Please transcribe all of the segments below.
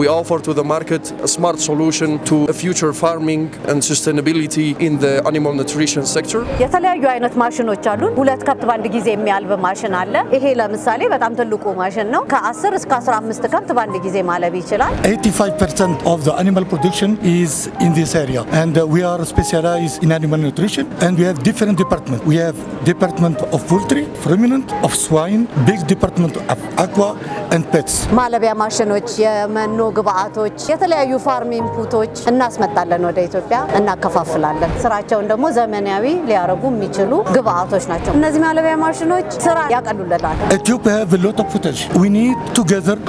We offer to the market a smart solution to a future farming and sustainability in the animal nutrition sector. የተለያዩ አይነት ማሽኖች አሉ። ሁለት ከብት በአንድ ጊዜ የሚያልብ ማሽን አለ። ይሄ ለምሳሌ በጣም ትልቁ ማሽን ነው። ከ10 እስከ 15 ከብት በአንድ ጊዜ ማለብ ይችላል። 85% of the animal production is in this area and we are specialized in animal nutrition and we have different departments. We have department of poultry, ruminant, of swine, big department of aqua and pets. ማለቢያ ማሽኖች የመኖ ግብአቶች፣ የተለያዩ ፋርም ፑቶች እናስመጣለን ወደ ኢትዮጵያ እናከፋፍላለን። ስራቸውን ደግሞ ዘመናዊ ሊያደርጉ የሚችሉ ግብአቶች ናቸው። እነዚህ ማለቢያ ማሽኖች ስራ ያቀሉልናል። ኢትዮጵያ ሃቭ ሎት ኦፍ ፉቴጅ ዊ ኒድ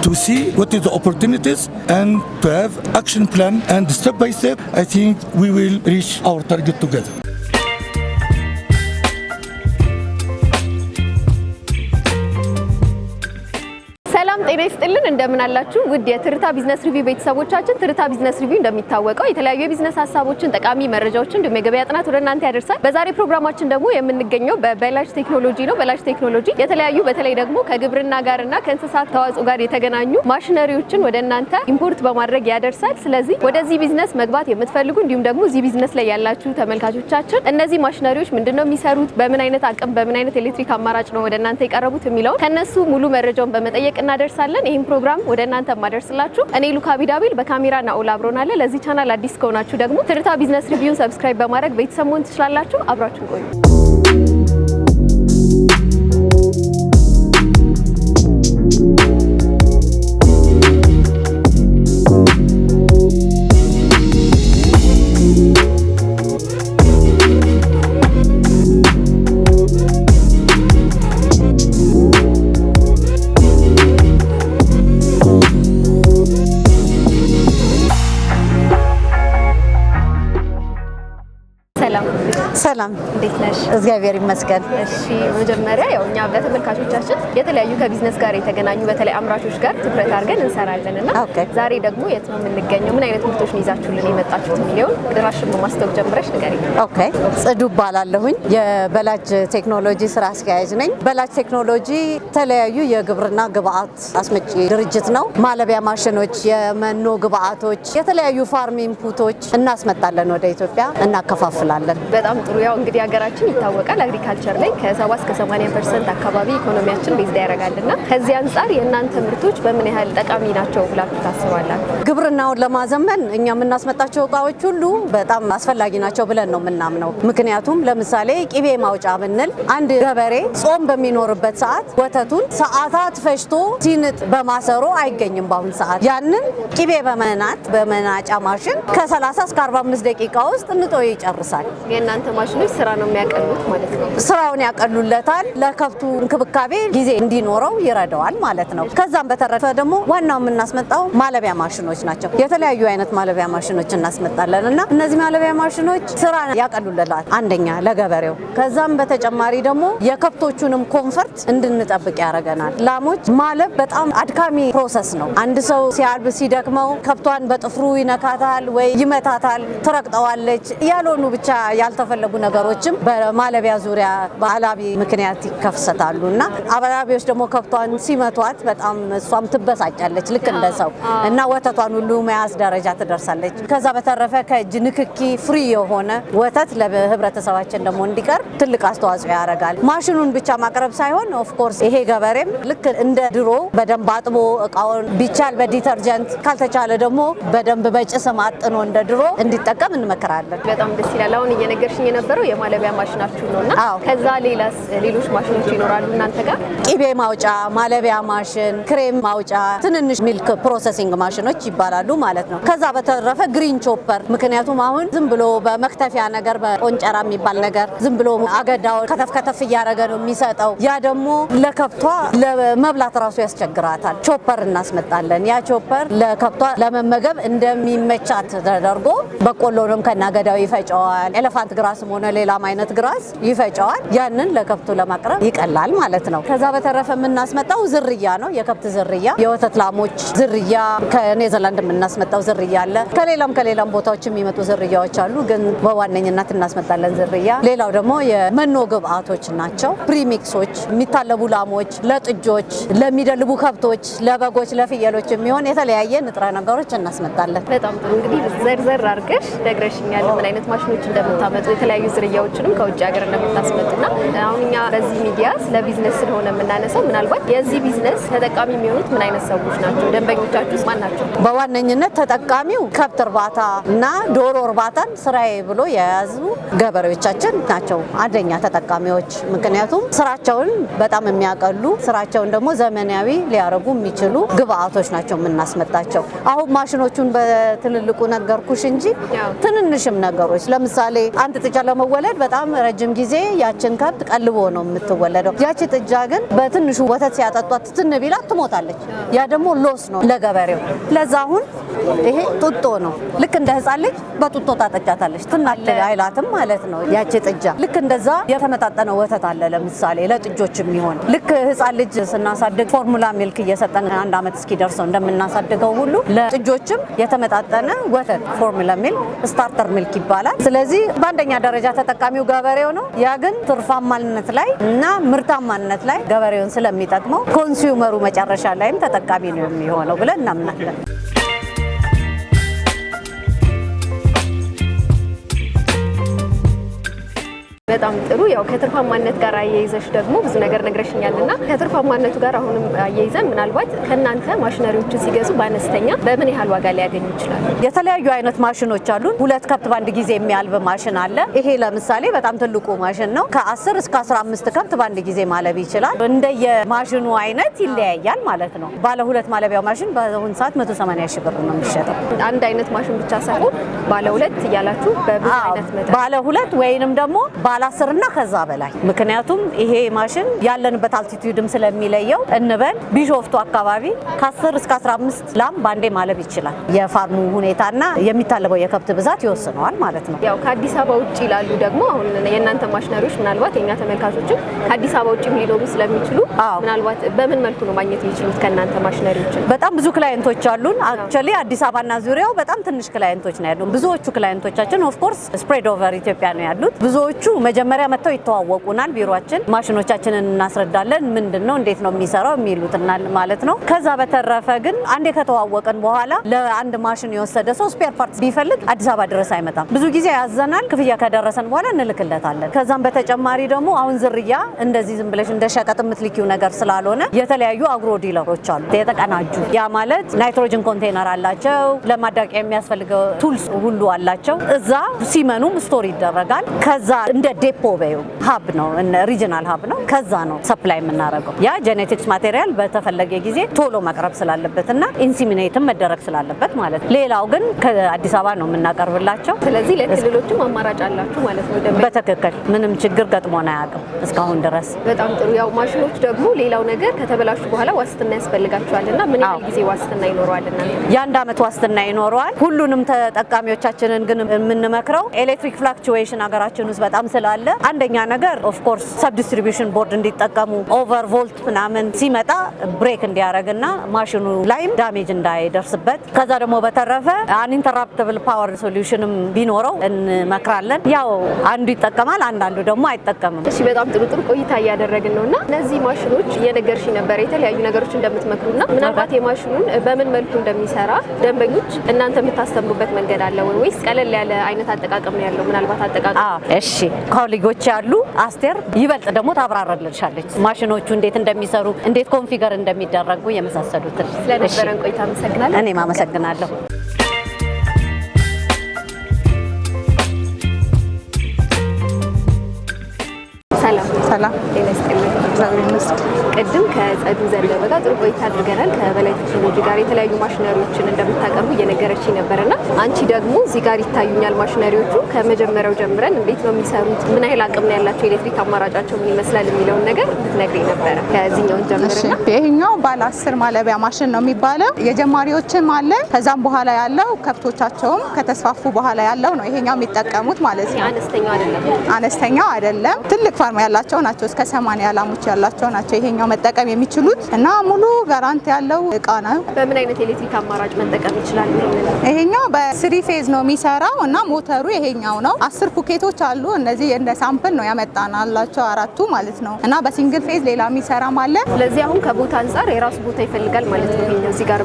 ቱ ሲ ዋት ኢዝ ኦፖርቱኒቲስ ኤንድ ሪች አወር ታርጌት ቱጌዘር ጤና ይስጥልን እንደምን አላችሁ ውድ የትርታ ቢዝነስ ሪቪው ቤተሰቦቻችን። ትርታ ቢዝነስ ሪቪው እንደሚታወቀው የተለያዩ የቢዝነስ ሀሳቦችን፣ ጠቃሚ መረጃዎችን እንዲሁም የገበያ ጥናት ወደ እናንተ ያደርሳል። በዛሬ ፕሮግራማችን ደግሞ የምንገኘው በበላሽ ቴክኖሎጂ ነው። በላሽ ቴክኖሎጂ የተለያዩ በተለይ ደግሞ ከግብርና ጋር እና ከእንስሳት ተዋጽኦ ጋር የተገናኙ ማሽነሪዎችን ወደ እናንተ ኢምፖርት በማድረግ ያደርሳል። ስለዚህ ወደዚህ ቢዝነስ መግባት የምትፈልጉ እንዲሁም ደግሞ እዚህ ቢዝነስ ላይ ያላችሁ ተመልካቾቻችን እነዚህ ማሽነሪዎች ምንድን ነው የሚሰሩት፣ በምን አይነት አቅም፣ በምን አይነት ኤሌክትሪክ አማራጭ ነው ወደ እናንተ የቀረቡት የሚለውን ከነሱ ሙሉ መረጃውን በመጠየቅ እናደርሳል። እናመሰግናለን። ይህም ፕሮግራም ወደ እናንተ ማደርስላችሁ እኔ ሉካ ቢዳቢል በካሜራና ኦላ አብሮናለ። ለዚህ ቻናል አዲስ ከሆናችሁ ደግሞ ትርታ ቢዝነስ ሪቪውን ሰብስክራይብ በማድረግ ቤተሰብ መሆን ትችላላችሁ። አብራችሁን ቆዩ። ሰላም እንዴት ነሽ? እግዚአብሔር ይመስገን። እሺ መጀመሪያ ያው እኛ ለተመልካቾቻችን የተለያዩ ከቢዝነስ ጋር የተገናኙ በተለይ አምራቾች ጋር ትኩረት አድርገን እንሰራለን እና ዛሬ ደግሞ የት ነው የምንገኘው? ምን አይነት ምርቶች ነው ይዛችሁልን የመጣችሁት የሚለውን ድራሽን በማስታወቅ ጀምረሽ ንገሪኝ። ኦኬ ጽዱ እባላለሁኝ የበላጅ ቴክኖሎጂ ስራ አስኪያጅ ነኝ። በላጅ ቴክኖሎጂ የተለያዩ የግብርና ግብአት አስመጪ ድርጅት ነው። ማለቢያ ማሽኖች፣ የመኖ ግብአቶች፣ የተለያዩ ፋርም ኢንፑቶች እናስመጣለን ወደ ኢትዮጵያ እናከፋፍላለን። ጥሩ። ያው እንግዲህ ሀገራችን ይታወቃል አግሪካልቸር ላይ ከሰባ እስከ ሰማንያ ፐርሰንት አካባቢ ኢኮኖሚያችን ቤዝዳ ያደርጋልና ከዚህ አንጻር የእናንተ ምርቶች በምን ያህል ጠቃሚ ናቸው ብላችሁ ታስባላችሁ? ግብርናውን ለማዘመን እኛ የምናስመጣቸው እቃዎች ሁሉ በጣም አስፈላጊ ናቸው ብለን ነው የምናምነው። ምክንያቱም ለምሳሌ ቂቤ ማውጫ ብንል አንድ ገበሬ ጾም በሚኖርበት ሰዓት ወተቱን ሰዓታት ፈጅቶ ሲንጥ በማሰሮ አይገኝም። በአሁን ሰዓት ያንን ቂቤ በመናት በመናጫ ማሽን ከ30 እስከ 45 ደቂቃ ውስጥ ንጦ ይጨርሳል። የእናንተ ማሽኖች ስራ ነው የሚያቀሉት ማለት ነው። ስራውን ያቀሉለታል። ለከብቱ እንክብካቤ ጊዜ እንዲኖረው ይረዳዋል ማለት ነው። ከዛም በተረፈ ደግሞ ዋናው የምናስመጣው ማለቢያ ማሽኖች ናቸው። የተለያዩ አይነት ማለቢያ ማሽኖች እናስመጣለን እና እነዚህ ማለቢያ ማሽኖች ስራ ያቀሉለታል አንደኛ ለገበሬው፣ ከዛም በተጨማሪ ደግሞ የከብቶቹንም ኮንፈርት እንድንጠብቅ ያደርገናል። ላሞች ማለብ በጣም አድካሚ ፕሮሰስ ነው። አንድ ሰው ሲያልብ ሲደክመው ከብቷን በጥፍሩ ይነካታል ወይ ይመታታል፣ ትረቅጠዋለች ያልሆኑ ብቻ ያልተፈለ የሚፈለጉ ነገሮችም በማለቢያ ዙሪያ በአላቢ ምክንያት ይከፍሰታሉ እና አላቢዎች ደግሞ ከብቷን ሲመቷት በጣም እሷም ትበሳጫለች ልክ እንደ ሰው እና ወተቷን ሁሉ መያዝ ደረጃ ትደርሳለች። ከዛ በተረፈ ከእጅ ንክኪ ፍሪ የሆነ ወተት ለህብረተሰባችን ደግሞ እንዲቀርብ ትልቅ አስተዋጽኦ ያደርጋል። ማሽኑን ብቻ ማቅረብ ሳይሆን ኦፍኮርስ ይሄ ገበሬም ልክ እንደ ድሮ በደንብ አጥቦ እቃውን ቢቻል በዲተርጀንት ካልተቻለ ደግሞ በደንብ በጭስም አጥኖ እንደ ድሮ እንዲጠቀም እንመክራለን። በጣም ደስ ይላል። አሁን እየነገርሽኝ የነበረው የማለቢያ ማሽናችሁ ነው እና ከዛ ሌላስ ሌሎች ማሽኖች ይኖራሉ እናንተ ጋር? ቅቤ ማውጫ፣ ማለቢያ ማሽን፣ ክሬም ማውጫ፣ ትንንሽ ሚልክ ፕሮሰሲንግ ማሽኖች ይባላሉ ማለት ነው። ከዛ በተረፈ ግሪን ቾፐር፣ ምክንያቱም አሁን ዝም ብሎ በመክተፊያ ነገር በቆንጨራ የሚባል ነገር ዝም ብሎ አገዳው ከተፍ ከተፍ እያደረገ ነው የሚሰጠው። ያ ደግሞ ለከብቷ ለመብላት ራሱ ያስቸግራታል። ቾፐር እናስመጣለን። ያ ቾፐር ለከብቷ ለመመገብ እንደሚመቻት ተደርጎ በቆሎንም ከናገዳው ይፈጨዋል። ኤሌፋንት ግራስ ግራስም ሆነ ሌላም አይነት ግራስ ይፈጨዋል። ያንን ለከብቱ ለማቅረብ ይቀላል ማለት ነው። ከዛ በተረፈ የምናስመጣው ዝርያ ነው፣ የከብት ዝርያ፣ የወተት ላሞች ዝርያ ከኔዘርላንድ የምናስመጣው ዝርያ አለ። ከሌላም ከሌላም ቦታዎች የሚመጡ ዝርያዎች አሉ፣ ግን በዋነኝነት እናስመጣለን ዝርያ። ሌላው ደግሞ የመኖ ግብአቶች ናቸው፣ ፕሪሚክሶች፣ የሚታለቡ ላሞች፣ ለጥጆች፣ ለሚደልቡ ከብቶች፣ ለበጎች፣ ለፍየሎች የሚሆን የተለያየ ንጥረ ነገሮች እናስመጣለን። በጣም ጥሩ እንግዲህ ዘርዘር አድርገሽ ነግረሽኛል፣ ምን አይነት ማሽኖች እንደምታመጡ የተለያዩ ዝርያዎችንም ከውጭ ሀገር እንደምታስመጡና አሁን እኛ በዚህ ሚዲያ ስለ ቢዝነስ ስለሆነ የምናነሳው ምናልባት የዚህ ቢዝነስ ተጠቃሚ የሚሆኑት ምን አይነት ሰዎች ናቸው? ደንበኞቻችሁ ማን ናቸው? በዋነኝነት ተጠቃሚው ከብት እርባታ እና ዶሮ እርባታን ስራዬ ብሎ የያዙ ገበሬዎቻችን ናቸው አንደኛ ተጠቃሚዎች። ምክንያቱም ስራቸውን በጣም የሚያቀሉ ስራቸውን ደግሞ ዘመናዊ ሊያደርጉ የሚችሉ ግብአቶች ናቸው የምናስመጣቸው። አሁን ማሽኖቹን በትልልቁ ነገርኩሽ እንጂ ትንንሽም ነገሮች ለምሳሌ አንድ ጥጃ ጥጃ ለመወለድ በጣም ረጅም ጊዜ ያችን ከብት ቀልቦ ነው የምትወለደው። ያቺ ጥጃ ግን በትንሹ ወተት ሲያጠጧት ትን ቢላት ትሞታለች። ያ ደግሞ ሎስ ነው ለገበሬው። ለዛ አሁን ይሄ ጡጦ ነው። ልክ እንደ ህፃን ልጅ በጡጦ ታጠጫታለች። ትናት አይላትም ማለት ነው። ያቺ ጥጃ ልክ እንደዛ የተመጣጠነ ወተት አለ። ለምሳሌ ለጥጆች የሚሆን ልክ ህፃን ልጅ ስናሳድግ ፎርሙላ ሚልክ እየሰጠን አንድ እስኪ እስኪደርሰው እንደምናሳድገው ሁሉ ለጥጆችም የተመጣጠነ ወተት ፎርሙላ ሚልክ ስታርተር ሚልክ ይባላል። ስለዚህ በአንደኛ ደረጃ ተጠቃሚው ገበሬው ነው። ያ ግን ትርፋማነት ላይ እና ምርታማነት ላይ ገበሬውን ስለሚጠቅመው ኮንሱመሩ መጨረሻ ላይም ተጠቃሚ ነው የሚሆነው ብለን እናምናለን። በጣም ጥሩ። ያው ከትርፋማነት ጋር አያይዘሽ ደግሞ ብዙ ነገር ነግረሽኛል እና ከትርፋማነቱ ጋር አሁንም አያይዘን ምናልባት ከእናንተ ማሽነሪዎችን ሲገዙ በአነስተኛ በምን ያህል ዋጋ ሊያገኙ ይችላል? የተለያዩ አይነት ማሽኖች አሉን። ሁለት ከብት በአንድ ጊዜ የሚያልብ ማሽን አለ። ይሄ ለምሳሌ በጣም ትልቁ ማሽን ነው። ከ10 እስከ 15 ከብት በአንድ ጊዜ ማለብ ይችላል። እንደየማሽኑ አይነት ይለያያል ማለት ነው። ባለ ሁለት ማለቢያው ማሽን በአሁን ሰዓት 180 ሺ ብር ነው የሚሸጠው። አንድ አይነት ማሽን ብቻ ሳይሆን ባለ ሁለት እያላችሁ በብዙ አይነት መጠን ባለ ሁለት ወይንም ደግሞ በኋላ አስር እና ከዛ በላይ ምክንያቱም ይሄ ማሽን ያለንበት አልቲቱድም ስለሚለየው እንበል ቢሾፍቱ አካባቢ ከ10 እስከ 15 ላም በአንዴ ማለብ ይችላል። የፋርሙ ሁኔታና የሚታለበው የከብት ብዛት ይወስነዋል ማለት ነው። ያው ከአዲስ አበባ ውጭ ይላሉ ደግሞ አሁን የእናንተ ማሽነሪዎች ምናልባት የእኛ ተመልካቾችም ከአዲስ አበባ ውጭ ሊኖሩ ስለሚችሉ ምናልባት በምን መልኩ ነው ማግኘት የሚችሉት ከእናንተ ማሽነሪዎች? በጣም ብዙ ክላይንቶች አሉን። አክቹዋሊ አዲስ አበባና ዙሪያው በጣም ትንሽ ክላይንቶች ነው ያሉን። ብዙዎቹ ክላይንቶቻችን ኦፍኮርስ ስፕሬድ ኦቨር ኢትዮጵያ ነው ያሉት ብዙዎቹ መጀመሪያ መጥተው ይተዋወቁናል። ቢሮችን ማሽኖቻችንን እናስረዳለን። ምንድን ነው እንዴት ነው የሚሰራው የሚሉትናል ማለት ነው። ከዛ በተረፈ ግን አንዴ ከተዋወቅን በኋላ ለአንድ ማሽን የወሰደ ሰው ስፔር ፓርት ቢፈልግ አዲስ አበባ ድረስ አይመጣም። ብዙ ጊዜ ያዘናል። ክፍያ ከደረሰን በኋላ እንልክለታለን። ከዛም በተጨማሪ ደግሞ አሁን ዝርያ እንደዚህ ዝም ብለሽ እንደ ሸቀጥ የምትልኪው ነገር ስላልሆነ የተለያዩ አግሮ ዲለሮች አሉ የተቀናጁ። ያ ማለት ናይትሮጅን ኮንቴነር አላቸው፣ ለማዳቂያ የሚያስፈልገው ቱልስ ሁሉ አላቸው። እዛ ሲመኑም ስቶር ይደረጋል። ከዛ እንደ ዴፖ በዩ ሀብ ነው፣ ሪጅናል ሀብ ነው። ከዛ ነው ሰፕላይ የምናደርገው። ያ ጄኔቲክስ ማቴሪያል በተፈለገ ጊዜ ቶሎ መቅረብ ስላለበት እና ኢንሲሚኔትም መደረግ ስላለበት ማለት ነው። ሌላው ግን ከአዲስ አበባ ነው የምናቀርብላቸው። ስለዚህ ለክልሎችም አማራጭ አላችሁ ማለት ነው። በትክክል ምንም ችግር ገጥሞን አያውቅም እስካሁን ድረስ። በጣም ጥሩ። ያው ማሽኖች ደግሞ ሌላው ነገር ከተበላሹ በኋላ ዋስትና ያስፈልጋቸዋል እና ምን ያህል ጊዜ ዋስትና ይኖረዋል? የአንድ አመት ዋስትና ይኖረዋል። ሁሉንም ተጠቃሚዎቻችንን ግን የምንመክረው ኤሌክትሪክ ፍላክቹዌሽን ሀገራችን ውስጥ በጣም ስለ ስላለ አንደኛ ነገር ኦፍኮርስ ሰብ ዲስትሪቢሽን ቦርድ እንዲጠቀሙ ኦቨር ቮልት ምናምን ሲመጣ ብሬክ እንዲያደርግና ማሽኑ ላይም ዳሜጅ እንዳይደርስበት ከዛ ደግሞ በተረፈ አንኢንተራፕተብል ፓወር ሶሉሽንም ቢኖረው እንመክራለን። ያው አንዱ ይጠቀማል፣ አንዳንዱ ደግሞ አይጠቀምም። እሺ፣ በጣም ጥሩ ጥሩ ቆይታ እያደረግን ነው እና እነዚህ ማሽኖች የነገርሽ ነበር የተለያዩ ነገሮች እንደምትመክሩና ምናልባት የማሽኑን በምን መልኩ እንደሚሰራ ደንበኞች እናንተ የምታስተምሩበት መንገድ አለ ወይስ ቀለል ያለ አይነት አጠቃቀም ነው ያለው? ምናልባት አጠቃቀም እሺ ኮሊጎች ያሉ አስቴር ይበልጥ ደግሞ ታብራራልሻለች ማሽኖቹ እንዴት እንደሚሰሩ እንዴት ኮንፊገር እንደሚደረጉ የመሳሰሉትን። ስለነበረን ቆይታ አመሰግናለሁ። እኔም አመሰግናለሁ። ሰላም ቅድም ከጸዱ ዘለበ ጋር ጥሩ ቆይታ አድርገናል። ከበላይ ቴክኖሎጂ ጋር የተለያዩ ማሽነሪዎችን እንደምታቀርቡ እየነገረች ነበርና አንቺ ደግሞ እዚህ ጋር ይታዩኛል ማሽነሪዎቹ ከመጀመሪያው ጀምረን እንዴት ነው የሚሰሩት፣ ምን ያህል አቅም ነው ያላቸው፣ ኤሌክትሪክ አማራጫቸው ምን ይመስላል የሚለውን ነገር ልትነግሪኝ ነበረ። ከዚህኛውን ጀምርና ይሄኛው ባለ አስር ማለቢያ ማሽን ነው የሚባለው። የጀማሪዎችም አለ። ከዛም በኋላ ያለው ከብቶቻቸውም ከተስፋፉ በኋላ ያለው ነው ይሄኛው የሚጠቀሙት ማለት ነው። አነስተኛው አይደለም፣ አነስተኛው አይደለም። ትልቅ ፋርማ ያላቸው ናቸው። እስከ ሰማንያ ላሞች ያላቸው ናቸው ይሄኛው መጠቀም የሚችሉት እና ሙሉ ጋራንቲ ያለው እቃ ነው። በምን አይነት ኤሌክትሪክ አማራጭ መጠቀም ይችላል ይሄኛው በስሪ ፌዝ ነው የሚሰራው እና ሞተሩ ይሄኛው ነው። አስር ኩኬቶች አሉ። እነዚህ እንደ ሳምፕል ነው ያመጣናላቸው አራቱ ማለት ነው እና በሲንግል ፌዝ ሌላ የሚሰራ አለ። ስለዚህ አሁን ከቦታ አንጻር የራሱ ቦታ ይፈልጋል ማለት ነው። እዚህ ጋር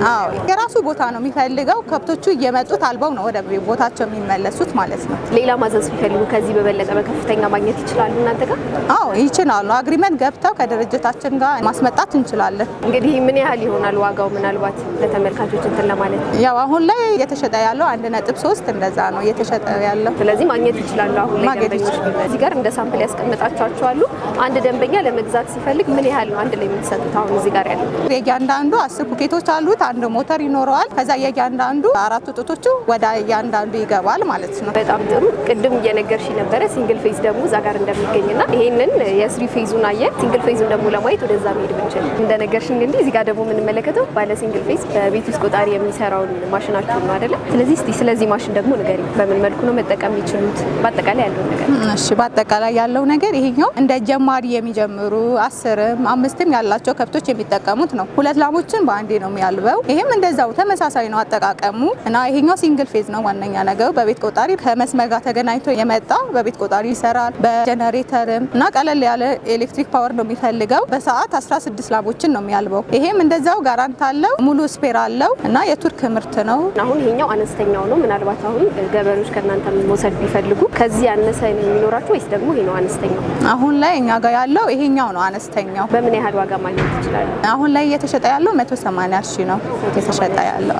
የራሱ ቦታ ነው የሚፈልገው። ከብቶቹ እየመጡት አልበው ነው ወደ ቦታቸው የሚመለሱት ማለት ነው። ሌላ ማዘዝ ቢፈልጉ ከዚህ በበለጠ በከፍተኛ ማግኘት ይችላሉ እናንተ ጋር? አዎ ይችላሉ። አግሪመንት ገብተው ከድርጅታችን ጋር ማስመጣት እንችላለን። እንግዲህ ምን ያህል ይሆናል ዋጋው? ምናልባት ለተመልካቾች እንትን ለማለት ያው አሁን ላይ እየተሸጠ ያለው ያለው አንድ ነጥብ ሶስት እንደዛ ነው እየተሸጠ ያለው። ስለዚህ ማግኘት ይችላሉ። አሁን ማግኘት ደንበኞች እዚህ ጋር እንደ ሳምፕል ያስቀምጣችኋቸው አሉ። አንድ ደንበኛ ለመግዛት ሲፈልግ ምን ያህል ነው አንድ ላይ የምትሰጡት? አሁን እዚህ ጋር ያለው የእያንዳንዱ አስር ኩኬቶች አሉት። አንድ ሞተር ይኖረዋል። ከዛ የእያንዳንዱ አራቱ ጡቶቹ ወደ እያንዳንዱ ይገባል ማለት ነው። በጣም ጥሩ። ቅድም እየነገርሽ ነበረ ሲንግል ፌዝ ደግሞ እዛ ጋር እንደሚገኝና ይሄንን የስሪ ፌዙን አየን። ሲንግል ፌዙን ደግሞ ለማየት ወደዛ መሄድ ብንችል እንደነገርሽኝ እንግዲህ እዚህ ጋር ደግሞ የምንመለከተው ባለ ሲንግል ፌዝ በቤት ውስጥ ቆጣሪ የሚሰራውን ማሽናችሁን ነው አደለም? ስለዚህ እስቲ ስለዚህ ማሽን ደግሞ ንገሪ፣ በምን መልኩ ነው መጠቀም የሚችሉት? በአጠቃላይ ያለው ነገር። እሺ፣ በአጠቃላይ ያለው ነገር ይሄኛው እንደ ጀማሪ የሚጀምሩ አስርም አምስትም ያላቸው ከብቶች የሚጠቀሙት ነው። ሁለት ላሞችን በአንዴ ነው የሚያልበው። ይሄም እንደዛው ተመሳሳይ ነው አጠቃቀሙ እና ይሄኛው ሲንግል ፌዝ ነው ዋነኛ ነገሩ። በቤት ቆጣሪ ከመስመር ጋር ተገናኝቶ የመጣ በቤት ቆጣሪ ይሰራል። በጀነሬተርም እና ቀለል ያለ ኤሌክትሪክ ፓወር ነው የሚፈልገው። በሰዓት 16 ላሞችን ነው የሚያልበው። ይሄም እንደዛው ጋራንት አለው፣ ሙሉ ስፔር አለው እና የቱርክ ምርት ነው። አሁን ይሄኛው አነስ አነስተኛው ነው። ምናልባት አሁን ገበሬዎች ከእናንተ መውሰድ ቢፈልጉ ከዚህ ያነሰ ነው የሚኖራቸው ወይስ ደግሞ ይሄ ነው አነስተኛው? አሁን ላይ እኛ ጋር ያለው ይሄኛው ነው አነስተኛው። በምን ያህል ዋጋ ማግኘት ይችላሉ? አሁን ላይ እየተሸጠ ያለው 180 ሺህ ነው እየተሸጠ ያለው።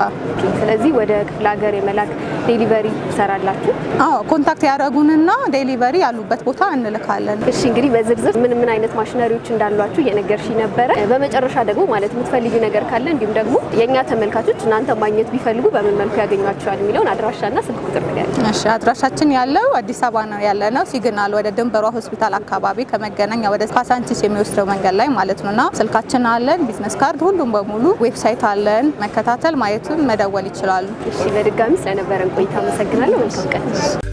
ስለዚህ ወደ ክፍለ ሀገር የመላክ ዴሊቨሪ ትሰራላችሁ? አዎ፣ ኮንታክት ያደረጉንና ዴሊቨሪ ያሉበት ቦታ እንልካለን። እሺ፣ እንግዲህ በዝርዝር ምን ምን አይነት ማሽነሪዎች እንዳሏችሁ እየነገርሽ ነበረ። በመጨረሻ ደግሞ ማለት የምትፈልጊ ነገር ካለ እንዲሁም ደግሞ የእኛ ተመልካቾች እናንተ ማግኘት ቢፈልጉ በምን መልኩ ያገኟቸው ይችላል የሚለውን አድራሻና ስልክ ቁጥር ንገሪኝ። እሺ አድራሻችን ያለው አዲስ አበባ ነው ያለ ነው ሲግናል ወደ ድንበሯ ሆስፒታል አካባቢ ከመገናኛ ወደ ካሳንቺስ የሚወስደው መንገድ ላይ ማለት ነውና ስልካችን አለን፣ ቢዝነስ ካርድ ሁሉም በሙሉ ዌብሳይት አለን። መከታተል ማየቱን መደወል ይችላሉ። እሺ በድጋሚ ስለነበረን ቆይታ አመሰግናለሁ። መልካም ቀን።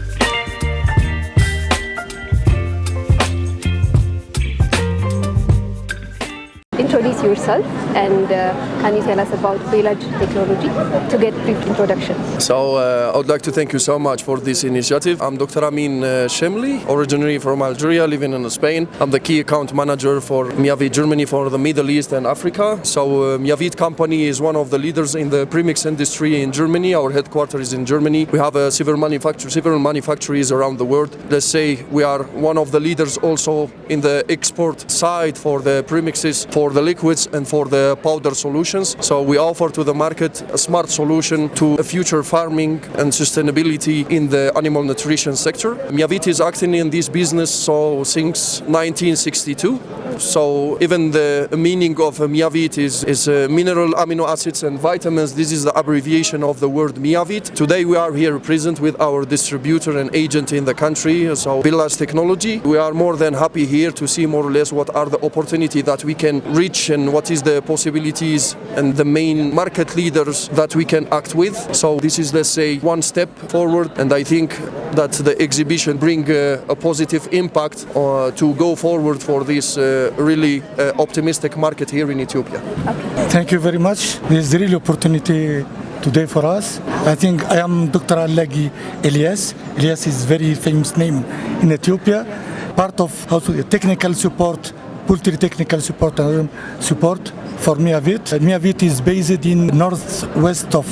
yourself and uh, can you tell us about village technology to get brief introduction? So uh, I would like to thank you so much for this initiative. I'm Dr. Amin uh, Shemli, originally from Algeria, living in Spain. I'm the key account manager for Miavi Germany for the Middle East and Africa. So uh, Miavit company is one of the leaders in the premix industry in Germany. Our headquarters is in Germany. We have uh, several manufacturers, several manufactories around the world. Let's say we are one of the leaders also in the export side for the premixes, for the liquids products and for the powder solutions. So we offer to the market a smart solution to future farming and sustainability in the animal nutrition sector. Miavit is acting in this business so since 1962. So even the meaning of Miavit is, is uh, mineral amino acids and vitamins. This is the abbreviation of the word Miavit. Today we are here present with our distributor and agent in the country, so Villas Technology. We are more than happy here to see more or less what are the opportunity that we can reach and what is the possibilities and the main market leaders that we can act with. So this is, let's say, one step forward, and I think that the exhibition bring uh, a positive impact uh, to go forward for this uh, really uh, optimistic market here in Ethiopia. Okay. Thank you very much. is really opportunity today for us. I think I am Dr. Allagi Elias. Elias is very famous name in Ethiopia. Part of also the technical support Multiteknical Support Support for Miavit. Miavit is based in northwest of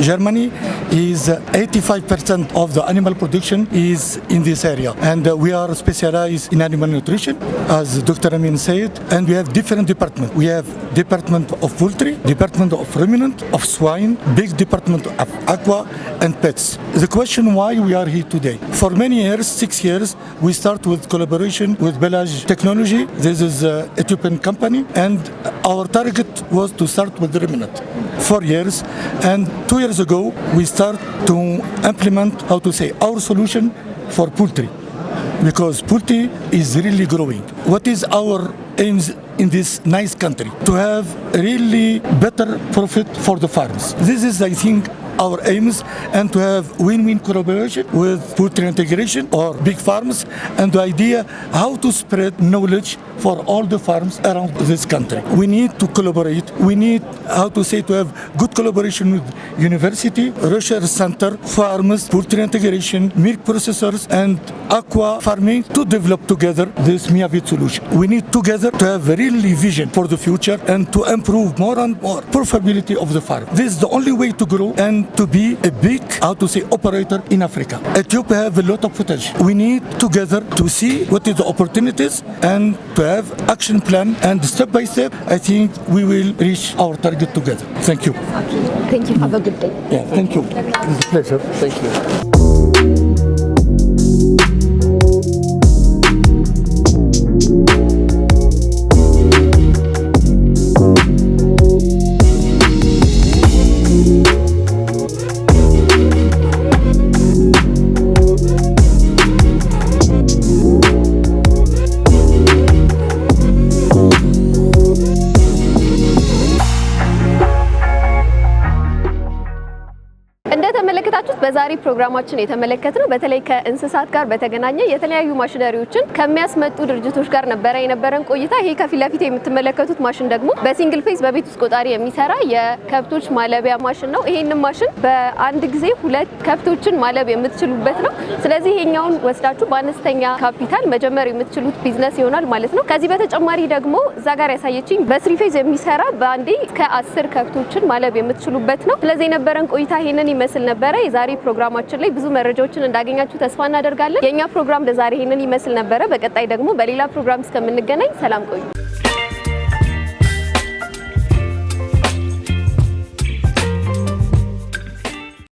Germany. Is 85% of the animal production is in this area, and we are specialized in animal nutrition, as Dr. Amin said. And we have different departments. We have department of poultry, department of ruminant, of swine, big department of aqua and pets. The question why we are here today. For many years, six years, we start with collaboration with Belage Technology. This is a Ethiopian company, and our target target was to start with the remnant four years. And two years ago, we start to implement, how to say, our solution for poultry because poultry is really growing. What is our aims in this nice country? To have really better profit for the farms. This is, I think, our aims and to have win-win collaboration with poultry integration or big farms and the idea how to spread knowledge for all the farms around this country. We need to collaborate. We need how to say to have good collaboration with university, research center, farmers, poultry integration, milk processors and aqua farming to develop together this Miavit solution. We need together to have a really vision for the future and to improve more and more profitability of the farm. This is the only way to grow and to be a big, how to say, operator in Africa. Ethiopia have a lot of potential. We need together to see what is the opportunities and to have action plan. And step by step, I think we will reach our target together. Thank you. Okay. Thank you. Have a good day. Yeah, thank you. It's a pleasure. Thank you. ፕሮግራማችን የተመለከት ነው በተለይ ከእንስሳት ጋር በተገናኘ የተለያዩ ማሽነሪዎችን ከሚያስመጡ ድርጅቶች ጋር ነበረ የነበረን ቆይታ። ይሄ ከፊት ለፊት የምትመለከቱት ማሽን ደግሞ በሲንግል ፌዝ በቤት ውስጥ ቆጣሪ የሚሰራ የከብቶች ማለቢያ ማሽን ነው። ይሄንን ማሽን በአንድ ጊዜ ሁለት ከብቶችን ማለብ የምትችሉበት ነው። ስለዚህ ይሄኛውን ወስዳችሁ በአነስተኛ ካፒታል መጀመር የምትችሉት ቢዝነስ ይሆናል ማለት ነው። ከዚህ በተጨማሪ ደግሞ እዛ ጋር ያሳየችኝ በስሪ ፌዝ የሚሰራ በአንዴ ከአስር ከብቶችን ማለብ የምትችሉበት ነው። ስለዚህ የነበረን ቆይታ ይሄንን ይመስል ነበረ የዛሬ ፕሮግራም ፕሮግራማችን ላይ ብዙ መረጃዎችን እንዳገኛችሁ ተስፋ እናደርጋለን። የእኛ ፕሮግራም ለዛሬ ይህንን ይመስል ነበረ። በቀጣይ ደግሞ በሌላ ፕሮግራም እስከምንገናኝ ሰላም ቆዩ።